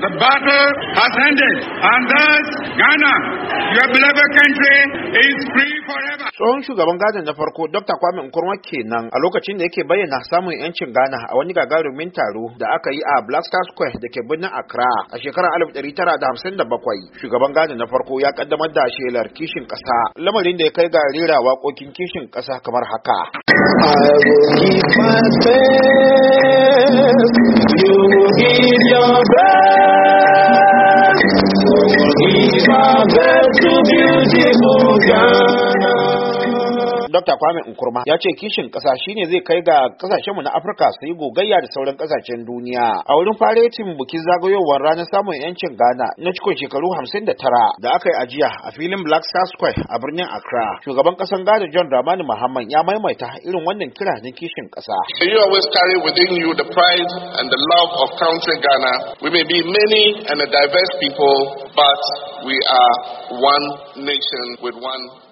the battle has ended, and thus Ghana, your beloved country, is free forever. Tsohon shugaban Ghana na farko Dr. Kwame Nkrumah kenan a lokacin da yake bayyana samun yancin Ghana a wani gagarumin taro da aka yi a Black Star Square da ke birnin Accra a shekarar 1957. Shugaban Ghana na farko ya kaddamar da shelar kishin ƙasa, lamarin da ya kai ga rera waƙoƙin kishin ƙasa kamar haka. I will keep my faith, you will beautiful Dr. Kwame Nkrumah ya ce kishin ƙasa shine zai kai ga mu na Afirka su yi gogayya da sauran ƙasashen duniya. A wurin faretin bikin zagayowar ranar samun 'yancin Ghana na cikon shekaru 59 da aka yi ajiya a filin Black Star Square a birnin Accra. Shugaban ƙasan Ghana John Dramani Mahama ya maimaita irin wannan kira na kishin ƙasa. You always carry within you the pride and the love of country Ghana. We may be many and a diverse people, but we are one nation with one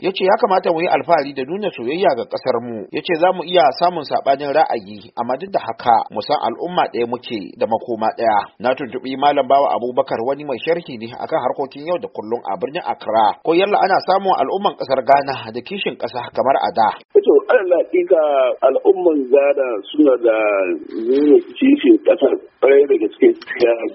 ya ce ya kamata mu yi alfahari da nuna soyayya ga kasar mu ya ce za mu iya samun saɓanin ra'ayi amma duk da haka mu san al'umma ɗaya muke da makoma ɗaya na tuntuɓi malam bawa abubakar wani mai sharhi ne akan harkokin yau da kullum a birnin accra ko yalla ana samun al'umman kasar ghana da kishin ƙasa kamar a da. to alal al'umman ghana suna da nuna kishin ƙasar ƙwarai da gaske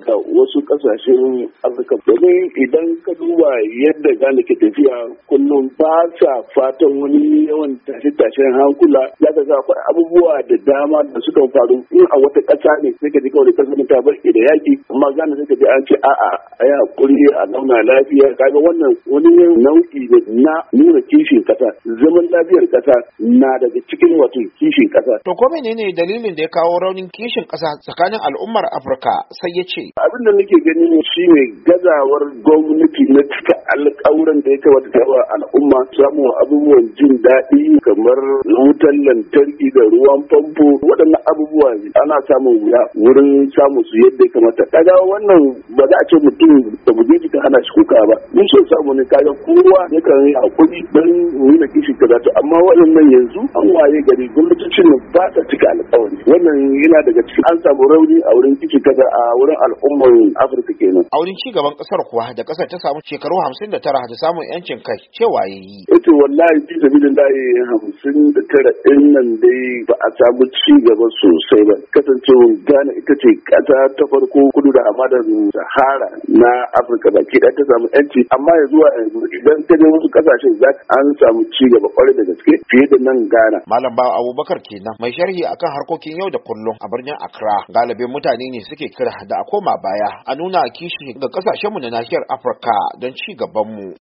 ga wasu kasashen afirka domin idan ka duba yadda gane ke tafiya kullum ba sa fatan wani yawan tashe-tashen hankula ya ka ga akwai abubuwa da dama da suka faru in a wata ƙasa ne sai ka ji kawai ƙasar ta barke da yaki amma gane sai ka ji an ce a'a a yi hakuri a zauna lafiya kaga wannan wani nau'i na nuna kishin kasa zaman lafiyar kasa na daga cikin wato kishin kasa. to ko menene dalilin da ya kawo raunin kishin kasa tsakanin al'ummar afirka sai ya ce. abin abin da nake gani ne shine gazawar gwamnati na cika alƙawuran da ya kamata wata tawa al'umma samun abubuwan jin daɗi kamar wutan lantarki da ruwan famfo waɗannan abubuwa ana samun wuya wurin samun su yadda ya kamata kaga wannan ba za a ce mutum da buje ka hana shi kuka ba mun so samu ne kaga kowa ya kan yi hakuri don nuna kishi kaza zato amma waɗannan yanzu an waye gari gwamnatocin ba ta cika alƙawari wannan yana daga cikin an samu rauni a wurin kishi kaza a wurin al'ummar kan Afirka kenan. A wurin cigaban kasar kuwa da kasar ta samu shekaru hamsin da tara da samun yancin kai cewa ya yi. Ito eh wallahi fi da layi hamsin da tara ɗin nan dai ba a samu cigaba sosai ba. Kasan to Ghana ita ce ƙasa ta farko kudu da amadar Sahara na Afirka baki ɗaya ta samu yanci amma ya zuwa yanzu idan ta je wasu kasashen za an samu ci gaba kwarai da gaske fiye da nan Ghana. Malam Bawa Abubakar kenan mai sharhi akan harkokin yau da kullum a birnin Accra galibin mutane ne suke kira da a koma baya a nuna kishi ga ƙasashenmu na nahiyar Afirka don ci gabanmu.